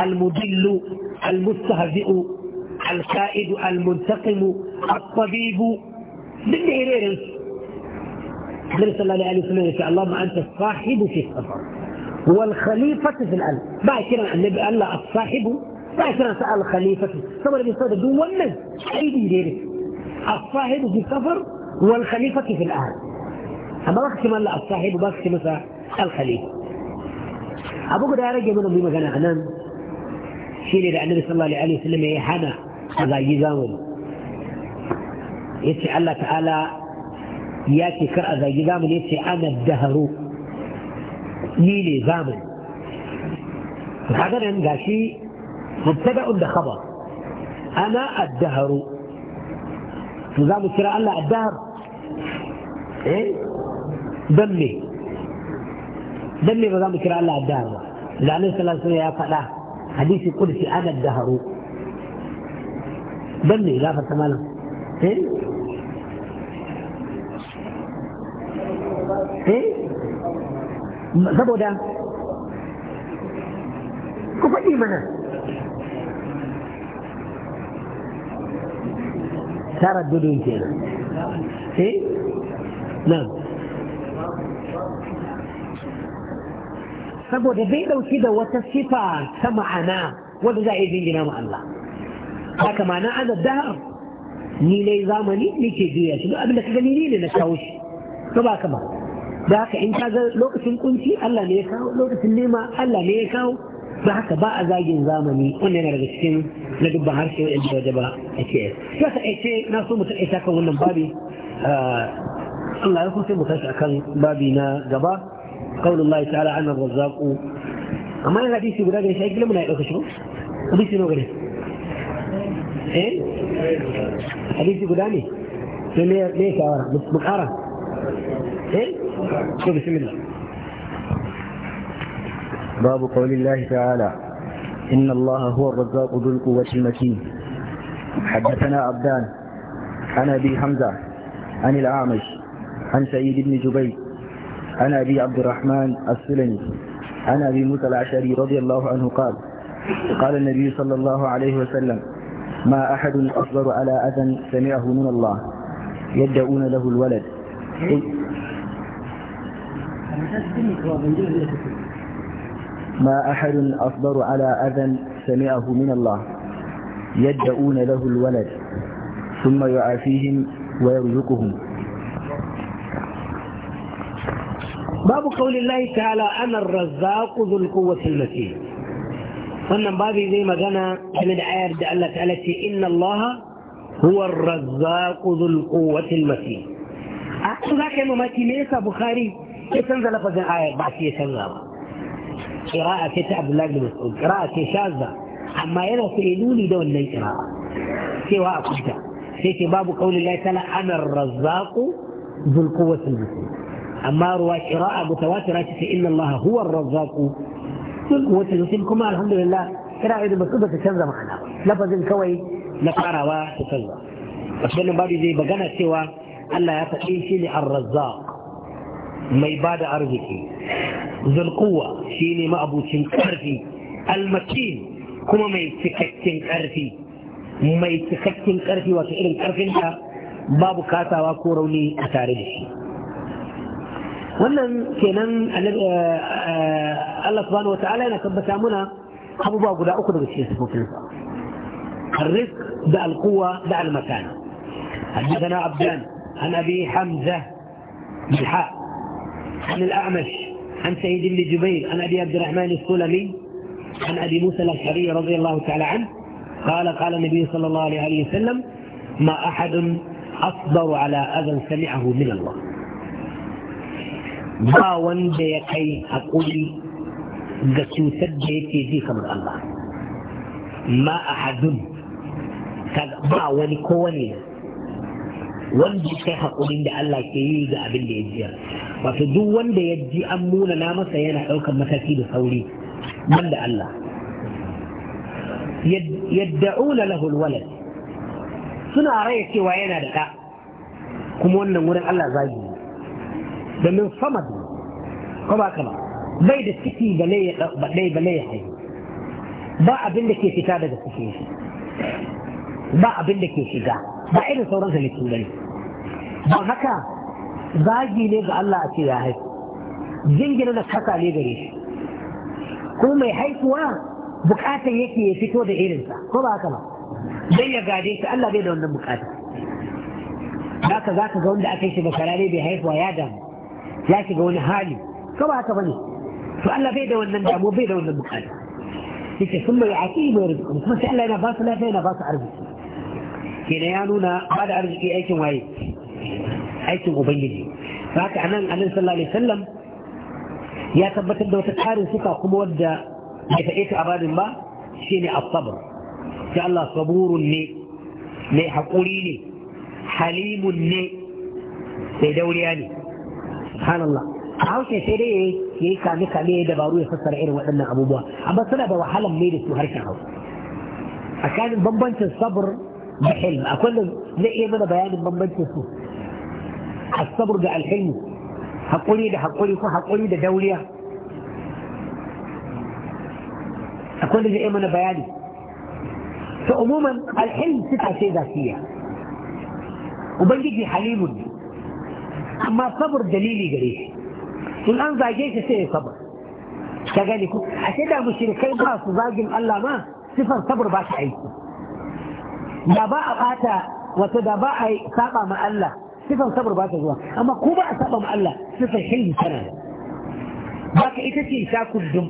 المدل المستهزئ الكائد المنتقم الطبيب من غير النبي صلى الله عليه وسلم يقول اللهم انت الصاحب في السفر والخليفة في الأرض بعد كده النبي قال له الصاحب بعد كده سأل الخليفة طبعا النبي صلى الله عليه وسلم ولد أيدي الصاحب في السفر والخليفة في الأهل أما بخش من الصاحب وبخش مثلا الخليفة أبوك ده يا رجل منهم بما أنام shi ne da annabi sallallahu alaihi wasallam ya hana a zagi zamani yace Allah ta'ala ya ce kar a zagi zamani yace ana daharu ni ne zamani kaga nan gashi mubtada'un da khabar ana ad-dahru to za mu kira Allah ad-dahr eh dan me dan me ba za mu kira Allah ad-dahr da annabi sallallahu alaihi wasallam ya faɗa حديث يقول في أنا الدهر بني لا فتما لهم إيه؟ إيه؟ سبو ده كفا إيه منا سارة الدنيا إيه؟ نعم saboda bai ɗauki da wata sifa ta ma'ana wanda za a yi jingina ma Allah haka na ana dahar ni ne zamani ni ke biya shi abin da ka gani ni ne na kawo shi to ba kama da haka in ka ga lokacin kunci Allah ne ya kawo lokacin nema Allah ne ya kawo da haka ba a zagin zamani wanda yana daga cikin na dubban harshe wa'in da waje ba a ce ya ta ake na so mutum ita kan wannan babi ah, Allah ya kusa mu a kan babi na gaba قول الله تعالى عن الرزاق أما أنا الحديث يقول لك شيء قلنا من هيك شنو حديث شنو قلنا إيه حديث يقول لي ليه ليه كارا مقارا إيه شوف طيب، بسم الله باب قول الله تعالى إن الله هو الرزاق ذو القوة المتين حدثنا عبدان عن أبي حمزة عن الأعمش عن سعيد بن جبير عن أبي عبد الرحمن السلمي عن أبي موسى العشري رضي الله عنه قال قال النبي صلى الله عليه وسلم ما أحد أصبر على أذى سمعه من الله يدعون له الولد ما أحد أصبر على أذى سمعه من الله يدعون له الولد ثم يعافيهم ويرزقهم باب قول الله تعالى انا الرزاق ذو القوة ل ق و ة المتين فنن بابي زي ما غنى من عيال دالت التي ان الله هو الرزاق ذو القوة ل المتين احسن ذاك يا مماتي ليس بخاري كيف تنزل لفظ عيال بعد كيف تنزل ق ر عبد الله بن مسعود قراءة ر شاذه اما ي ن ا دون لي ق سواء كنت في باب قول الله تعالى انا الرزاق ذو القوة ل أما قراءة متواترة فإن الله هو الرزاق من قوة المسلم كما الحمد لله إلى عيد المسلمة تشمز مخنا لفظ كوي نقرأ وتشمز أشبال بعد ذي بغانا سوى ألا يتقي شيني الرزاق ما يباد أرزك ذو القوة شيني ما أبو تنكرفي المكين كما ما يتكت تنكرفي ما يتكت تنكرفي وتعلم تنكرفي بابو كاتا وكوروني أتاردشي wannan kenan eh, eh, Allah subhanahu wata'ala yana tabbata muna abubuwa guda uku daga cikin sifofinsa الرزق دع القوة دع المكان حدثنا عبدان عن أبي حمزة بالحاء عن الأعمش عن سيد بن جبير عن أبي عبد الرحمن السلمي عن أبي موسى الأشعري رضي الله تعالى عنه قال قال النبي صلى الله عليه وسلم ما أحد أصبر على أذى سمعه من الله ba wanda ya kai haƙuri ga cutar da yake ji kamar Allah ma a hadun ba wani kowane wanda ya kai haƙurin da Allah ke yi ga abin da ya jiya wato duk wanda ya ji an muna na masa yana ɗaukar mataki da sauri da Allah yadda'una lahul walad suna raya cewa yana da ɗa kuma wannan wurin Allah zagi domin samad ko ba kama bai da ciki bale ya ba bale ya haihu ba abin da ke fita daga cikin shi ba abin da ke shiga ba irin sauran halittu bane don haka zagi ne ga Allah a ce ya haihu jingina da kasa ne gare shi ko mai haihuwa bukatan yake ya fito da irinsa ko ba haka ba don ya gade shi Allah bai da wannan bukata haka za ka ga wanda aka yi shi bakarare bai haihuwa ya damu ya shiga wani hali ka ba haka bane to Allah bai da wannan damu bai da wannan bukata yake sun mai aki mai rizqi kuma sai Allah yana ba su lafiya yana ba su arziki kenan ya nuna ba da arziki aikin waye aikin ubangiji haka anan annabi sallallahu alaihi wasallam ya tabbatar da wata tarin suka kuma wadda bai faɗe ta abadin ba shine as-sabr sai Allah saburun ne ne, haƙuri ne halimun ne mai dauriya ne subhanallah a haushe sai dai ya yi kame kame ya dabaru ya fassara irin waɗannan abubuwa amma suna da wahalan mai da su harshen hausa tsakanin bambancin sabr da hilm akwai da zai iya mana bayanin bambancin su asabr da alhilmu haƙuri da haƙuri ko haƙuri da dauriya akwai da zai iya mana bayani to umuman alhilm suka ce zafiya ubangiji halimun ما صبر دليلي قريب والان زاجي تسير صبر شغالي كو حتى لو مشركين خاص زاجم الله ما صفر صبر باش عيسى يا با اتا وتدا با اي ساقا مع الله صفر صبر باش جوا اما كو با ساقا مع الله صفر حلم سنه باك اي تتي ساكو الدم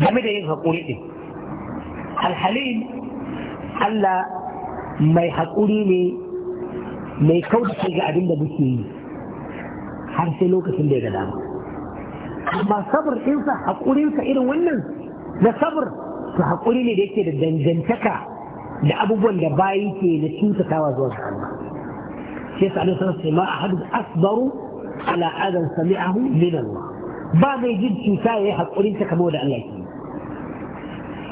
جامد يين حقوري دي الحليم الله ما يحقوري لي mai kauce ga abin da muke yi har sai lokacin da ya ga dama amma sabr ɗinsa ka irin wannan na sabar to haƙuri ne da yake da dangantaka da abubuwan da bayi ke na cutatawa zuwa ga Allah shi yasa Allah sallallahu alaihi ahadu asbaru ala adan sami'ahu min Allah ba mai jin cuta yayi haƙurin ta kamar da Allah ke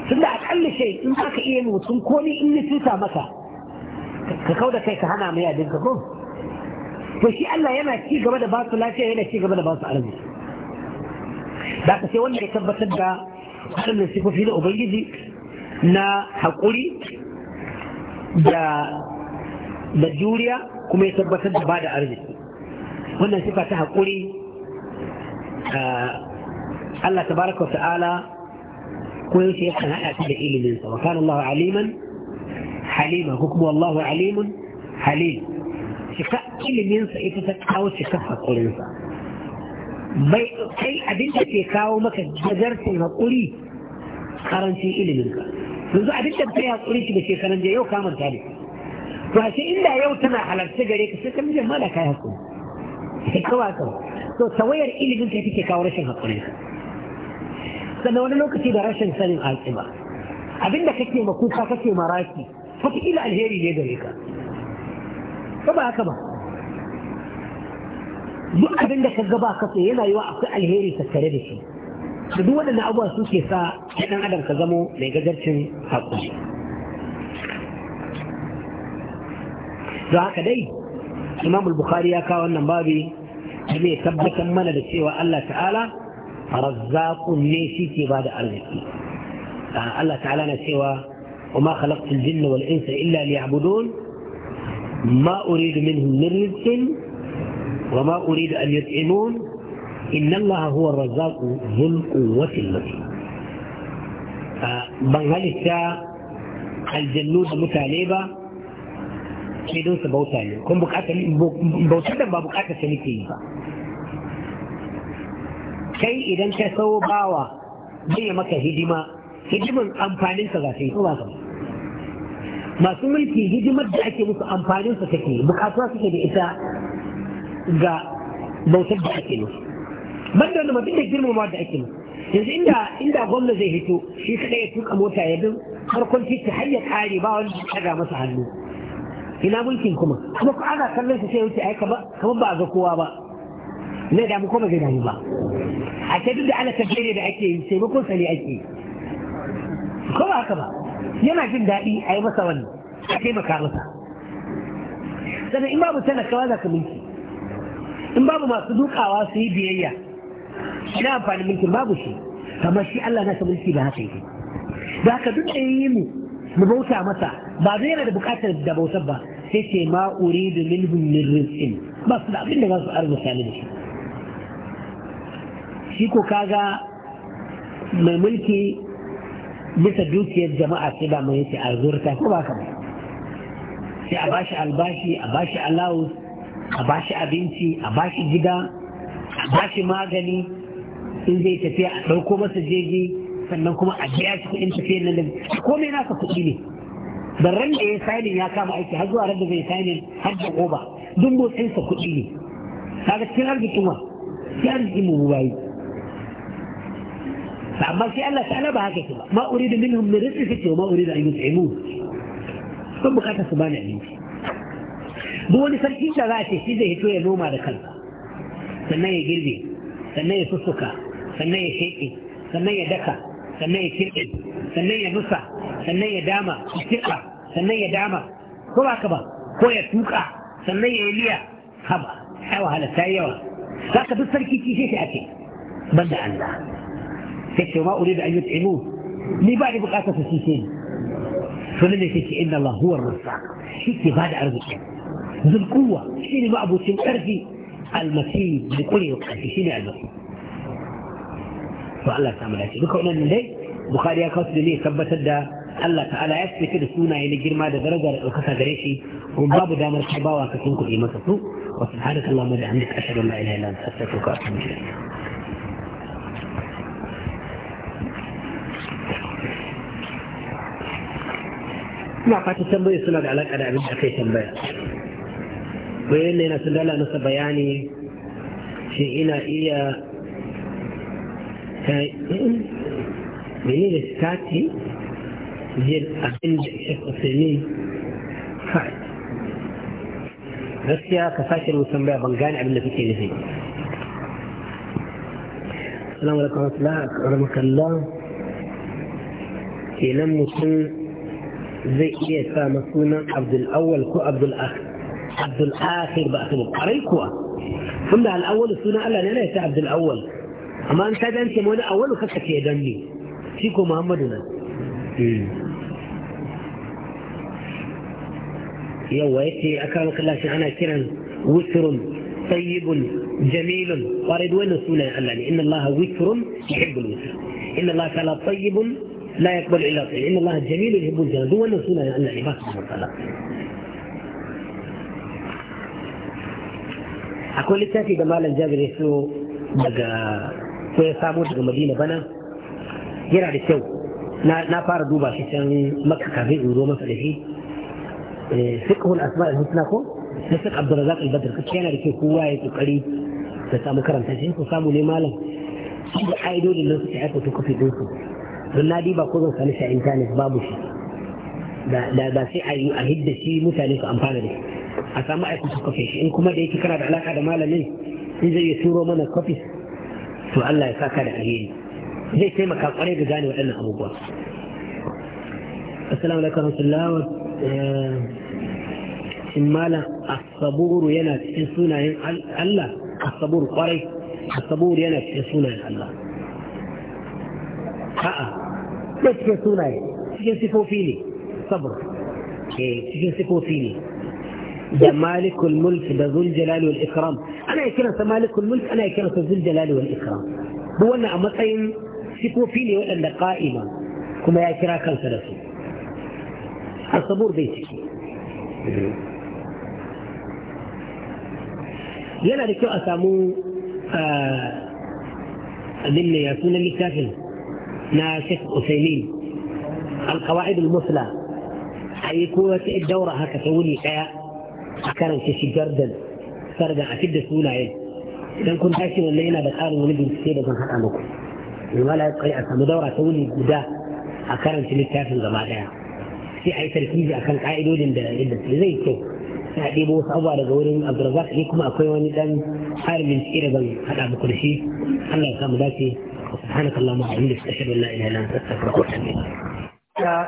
tunda akalla shay in aka iya mutum komai in ya cuta maka ka kau da kai ka hana mai abin ka ko to shi Allah yana ci gaba da ba su lafiya yana ci gaba da ba su arziki da ka sai wanda ya tabbatar da waɗannan sifofi na ubangiji na haƙuri da da juriya kuma ya tabbatar da ba da arziki wannan sifa ta haƙuri Allah tabaraka wa ta'ala ko yaushe yakan haɗa ta da iliminsa wa kana Allah aliman halima ko kuma wallahu alimun halim shika iliminsa ita ta kawo shika haƙurinsa bai kai abin da ke kawo maka gajarcin haƙuri karancin iliminka yanzu abin da ta yi haƙuri shi da shekaran da yau kamar ta ne to ashe inda yau tana halarci gare ka sai kamar jama'a da kayan haƙuri sai kawa kawa tawayar ilimin kai take kawo rashin haƙurinka sannan wani lokaci da rashin sanin alƙiba abinda kake ma kuka kake maraki ila alheri ne gare ka ba ba haka ba duk abin da ka gaba kasa yana yiwa akwai alheri tare da shi da duk waɗannan abubuwa su ke sa ɗan adam ka zamo mai gajarcin haƙuri don haka dai imam bukhari ya kawo wannan babi zai tabbatar mana da cewa Allah ta'ala razzaqun ne shi ke ba da arziki ah, Allah ta'ala na cewa وما خلقت الجن والانس الا ليعبدون ما اريد منهم من رزق وما اريد ان ي د يطعمون إ الله هو الرزاق ذو ا المتين ب ن ه الجنود م ت ا ل ب ة ك ي د و سنتين كي إ ذ ا بين مكه هدمه hidimin amfanin ka za ta yi ba masu mulki hidimar da ake musu amfanin sa take bukatuwa suke da ita ga bautar da ake musu ban da wanda da girmama da ake musu yanzu inda inda gwamna zai hito shi kada ya tuka mota ya bin farkon titi har ya kare ba wani daga masa hannu ina mulkin kuma kuma ko ana kallon su sai wuce ai kamar ba a ga kowa ba ne damu kuma zai damu ba a ce duk da ana tabbere da ake yi sai taimakon sani ake yi ko ba haka ba yana jin daɗi a yi masa wani a taimaka masa sannan in babu tana kawa za ka mulki in babu masu dukawa su yi biyayya ina amfani mulkin babu shi kamar shi Allah na mulki ba haka yake da haka duk da yi mu mu bauta masa ba zai yana da bukatar da bautar ba sai ce ma uridu minhum min rizqin ba su da abin da za su da shi shi ko kaga mai mulki bisa dukiyar jama'a sai da mai yake azurta ko ba ka ba sai a bashi albashi a bashi allowance a bashi abinci a bashi gida a bashi magani in zai tafiya a ɗauko masa jeji sannan kuma a biya shi kuɗin tafiyar nan da komai naka kuɗi ne da ran da ya sainin ya kama aiki har zuwa ran da zai sainin har da oba duk motsinsa kuɗi ne kaga cikin arzikin wa cikin arzikin mu bayi فعمال في الله تعلمها كتبه ما أريد منهم من رزق فتي وما أريد أن يدعموه ثم قاتل سبانع منك يعني. بواني فرحيشة غاتي سيزة هتوية نومة دخل سنية جلدي سنية سسكة سنية شيئي سنية دكة سنية شرق سنية نصة سنية دامة شرقة سنية دامة كل أكبر كوية توقع سنية إليا خبر حيوة هلا سايوة لكن بس فرحيشة غاتي بدأ الله كيف ما أريد أن يطعموه لبعض في السيسين فلن يكيش إن الله هو الرزاق شك بعد أرضك ذو القوة شيني ما أبو تنقرفي المسيح بكل يقعد شيني المسيح فالله تعمل هذا بكونا من لي بخاريا قوس لي ثبت الدا الله تعالى يسمي كده سونا إلي جرما درجة وكسا دريشي ومبابو دامر حباوة كتنكو إيمة سو وسبحانك اللهم بحمدك أشهد أن لا إله إلا أنت أستغفرك وأتوب إليك suna fata tambayi suna da alaƙa da abin da kai tambaya bayan ne na sun dala nasa bayani shi ina iya mini da stati jin abin da ya kusini kai gaskiya ka fashe mu tambaya ban gane abin da kake nufi assalamu alaikum wa rahmatullahi makalla barakatuh kenan mutum زي ايه سامسونا عبد الاول كو عبد الاخر عبد الاخر باخر قري كو فهمنا الاول سونا الا انا يا عبد الاول اما انت ده انت مو الاول وخفك يا دمي فيكم محمد ده يا ويتي اكرمك الله انا كرا وسر طيب جميل وارد وين سونا الا ان الله وسر يحب الوتر ان الله تعالى طيب لا يقبل الا طيب ان الله جميل يحب sunayen Allah ne ba su da matsala akwai littafi da malam jabir ya so daga ko madina bana yana da kyau na fara duba shi can makka kafin in zo masa da shi fiqhul asma'ul husna ko na fiqh abdurrazzaq al-badr kace yana da kyau kowa ya kokari da samu karanta shi ko samu ne malam shi da aidodin don na diba ko zan sami shi a intanet babu shi da ba sai a yi a hidda shi mutane su amfana da a samu aiki su kafe shi in kuma da yake kana da alaka da malamin in zai iya turo mana kafe to Allah ya saka da alheri zai taimaka kwarai da gane waɗannan abubuwa assalamu alaikum warahmatullahi wabarakatuh shin malam as yana cikin sunayen Allah asaburu kwarai asaburu yana cikin sunayen Allah a'a كيف يسونا سجن سكو فيني صبر سجن إيه، سكو فيني ده مالك الملك ده ذو الجلال والإكرام أنا يكنا مالك الملك أنا يكنا ذو الجلال والإكرام هو أن أمطين سكو فيني وأن قائمة كما يكنا كان سلسل الصبور بيتك يلا لكي أسامو آه أدلني يا سنة مكافل ناسخ اسيمين القواعد المثلى أي قوة الدورة هكا تولي كيا أكارا كيسي جردا فرقا أكيد سولا عيد إذا كنت أكيد لينا بخار ونبي نسيبا كن حتى نقول لما لا يبقى أسا مدورة تقولي بدا أكارا كيسي كافي الغمالة في أي تركيزي أكارا كيسي دولي مدلع جدا لذي كو فأدي بوس أول أقولي عبد الرزاق ليكم أكوي وني دان حارب نسيبا كن حتى نكون شيء الله يخام ذاتي سبحانك اللهم وبحمدك اشهد ان لا اله الا انت استغفرك واتوب اليك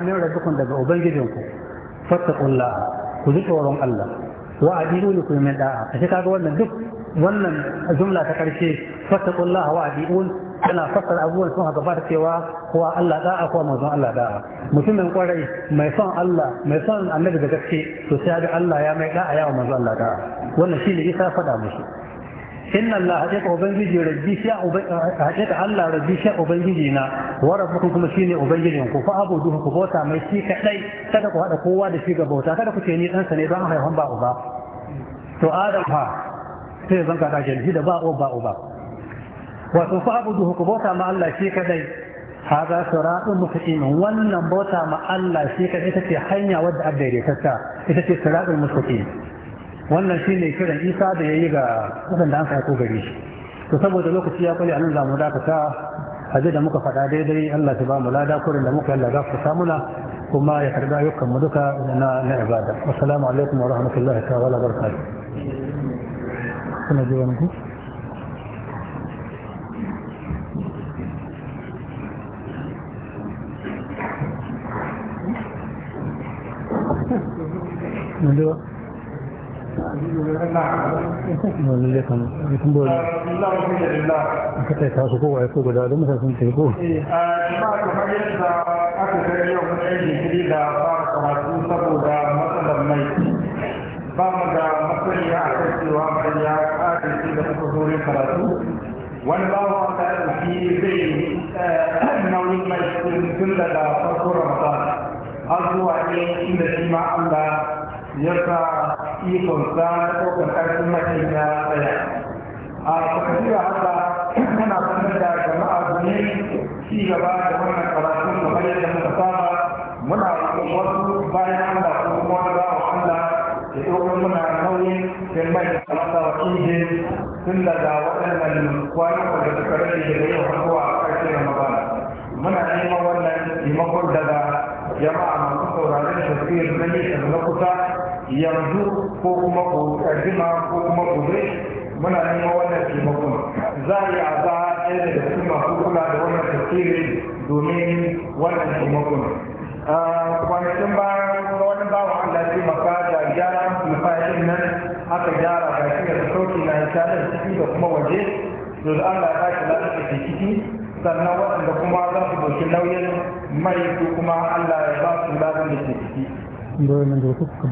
ne rabukun daga ubangijinku fattakullah ku ji tsoron Allah wa adiluni ku min da'a kace kaga wannan duk wannan jumla ta karshe fattakullah wa adilun tana fassar abubuwan sun haka ba cewa kowa Allah da'a kowa manzon Allah da'a mutumin ƙwarai mai son Allah da gaske sosai sai ga Allah ya mai da'a yawa manzon Allah da'a wannan isa faɗa musu inna Allah haƙiƙa ubangiji rabbi shi haƙiƙa Allah rabbi shi ubangiji na wa rabbukum kuma shine ubangijin ku fa abudu ku bauta mai shi kadai kada ku hada kowa da shi ga bauta kada ku ce ni dan sa ne don haifan ba uba to adam fa sai zan kada shi da ba uba uba wato fa abuduhu ku bauta ma Allah shi kadai هذا صراط مستقيم wannan bauta ma Allah shi kadai ce hanya wadda abdaidaitacca ita ce siratul mustaqim wannan shi ne kiran isa da ya yi ga waɗanda an aiko gare shi to saboda lokaci ya kwale nan zamu dakata haje da muka faɗa daidai Allah ta ba mu lada kurin da muka Allah samu na kuma ya karɓi ayyukan mu duka na na ibada assalamu alaikum wa rahmatullahi ta wala kuna ji ku Thank you. aka taita su kowa ya so guda don sun kamar yadda aka yau jinkiri da fara karatu saboda matsalar mai ba mu da a kan cewa ya kare shi da kuka karatu wani bawa wanda ya ɗauki zai nauyin mai tun daga farko ramadan har zuwa ne inda shi ma Allah ya ikonsa na ɗaukar ƙarfin mace na tsaya a kasira haka tana sanar da jama'a domin ci gaba da wannan karatu kamar yadda muka saba muna wasu bayan Allah ko kuma wani ba wa Allah da ɗaukar muna nauyin sai mai salata wa ihe tun daga waɗannan kwanan da suka rage da yau har zuwa ƙarshen Ramadan muna neman wannan taimakon daga jama'a masu sauraron tafiyar na nesa da na kusa yanzu ko kuma ko jima ko kuma ko muna nema wannan taimakon za a yi a za a ɗaya da cikin masu kula da wannan tafsiri domin wannan taimakon kwanakin ba wani bawa Allah ce maka da gyara amfani nan aka gyara ga shi da sauki na hita da ciki da kuma waje to da Allah ya tashi lafiya ke ciki sannan waɗanda kuma za su ɗauki nauyin mai ko kuma Allah ya ba su lafiya da ciki domin da kuka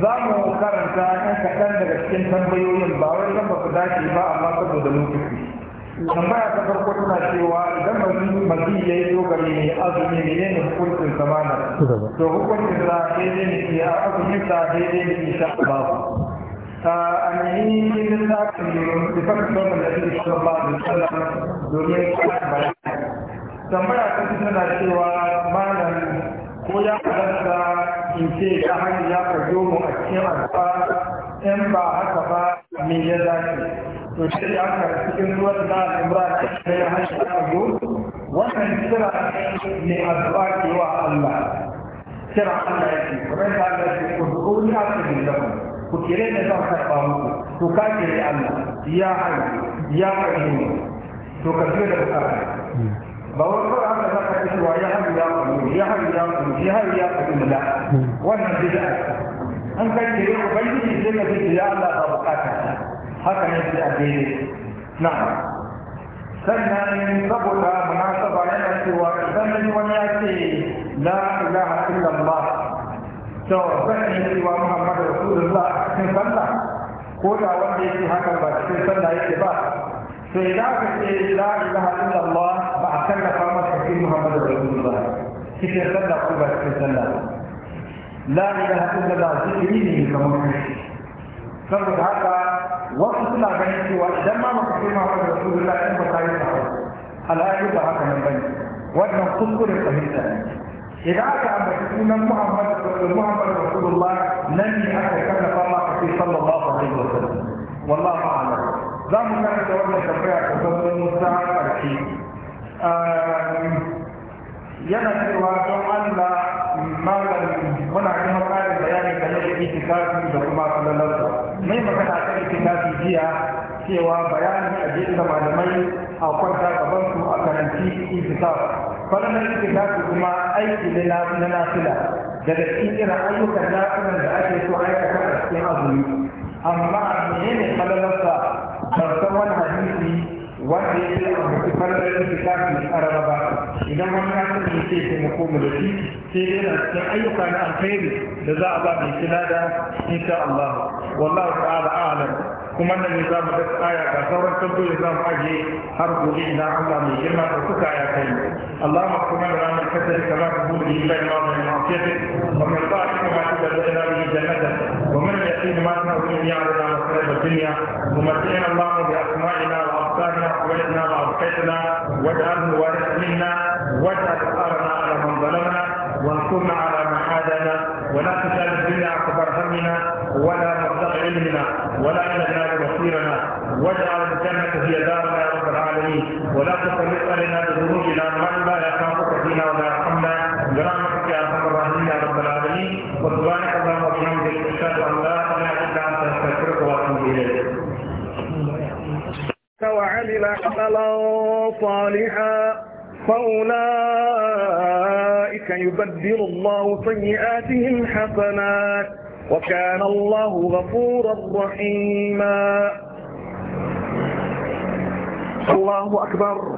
za mu karanta ɗan kaɗan daga cikin tambayoyin ba wai zan ba ku dace ba amma saboda mu lokaci tambaya ta farko tana cewa idan mazi mazi ya yi dogari ne azumi ne ne hukuncin samana to hukuncin sa daidai ne ke azumin sa daidai ne ke sha babu a nemi lissafin domin da fasa sauran da suke shan babu sallan domin kwana bayan tambaya ta tana cewa malam ko ya halatta in ce ta hanyar ya karjo mu a cikin alfa in ba haka ba me ya dace to shi ya aka cikin ruwan da imran ta ya hanyar karjo wannan kira ne addu'a ke wa Allah kira Allah ya yake kuma ta Allah ce ku duk ni aka yi da ku kire da zan karba muku to ka kire Allah ya hayyu ya karjo to ka kire da bukata ba wani kawai haka za ka cewa ya haɗu ya ƙwallo ya haɗu ya ƙwallo ya haɗu ya ƙwallo da wannan bid'a an kai da yau ubangiji sai ka ce ya Allah ba bukata haka ne bid'a daidai na sannan saboda munasaba yana cewa idan wani ya ce la ilaha illallah to zan yi cewa muhammadu rasulullah a cikin sallah ko da wanda yake haka ba cikin sallah yake ba sai da ka ce la ilaha illallah أكثر فما شكي محمد رسول الله شكي سنة قلبة شكي سنة لا إله إلا الله ذكريني كما نشي فرد هذا وصف الله بنيتي وأجمع مكتبين محمد رسول الله إن بطاري صحيح ألا أجد هذا من بني وأجمع تذكر القهيد ذلك إذا أجد أن تكون محمد رسول محمد رسول الله لن يأكد كما قلبة صلى الله عليه وسلم والله أعلم ذا مكان تولى شفاعة وتولى المستعان الشيء yana cewa don Allah malam muna kuma ƙarin bayani game da itikafi da kuma sallalarsa mai magana ta itikafi jiya cewa bayani a da malamai a kwanta gaban su a karanci itikafi falalar itikafi kuma aiki na nafila daga cikin irin ayyukan nafilan da ake so aikata a cikin azumi amma menene falalarsa ban san wani hadisi wanda ya ce a mutu farnar littafi araba ba idan wani ya san ya ce taimako mu da shi sai dai na cikin ayyuka na alkhairi da za a ba mai kina da insha Allah wallahu ta'ala a'lam kuma nan ne za mu da aya ga sauran tambayoyi za mu aje har gobe ina Allah mai girma da suka aya kai Allahumma kuma da ranar kasar kama ka bude ni bai ma mai mafiyati wa mai ba shi kuma shi da zai rabu jannata wa da yaqin ma na wurin ya da masarar dunya kuma sai Allah ya asma'ina wa أبصارنا وجدنا وأبقيتنا واجعله وارثا منا واجعل أثارنا على من ظلمنا وانصرنا على من عادانا ولا تجعل الدنيا أكبر همنا ولا مبلغ علمنا ولا إلى النار مصيرنا واجعل الجنة هي دارنا يا رب العالمين ولا تسلط علينا بذنوبنا من لا يخافك فينا ولا يرحمنا برحمتك يا أرحم الراحمين يا رب العالمين وسبحانك اللهم وبحمدك أشهد أن لا إله إلا أنت أستغفرك وأتوب إليك وعمل عملا صالحا فأولئك يبدل الله سيئاتهم حسنات وكان الله غفورا رحيما الله أكبر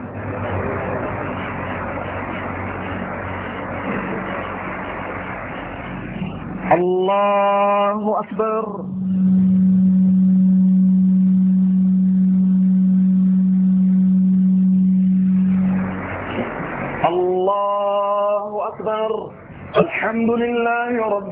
الله أكبر الله أكبر الحمد لله رب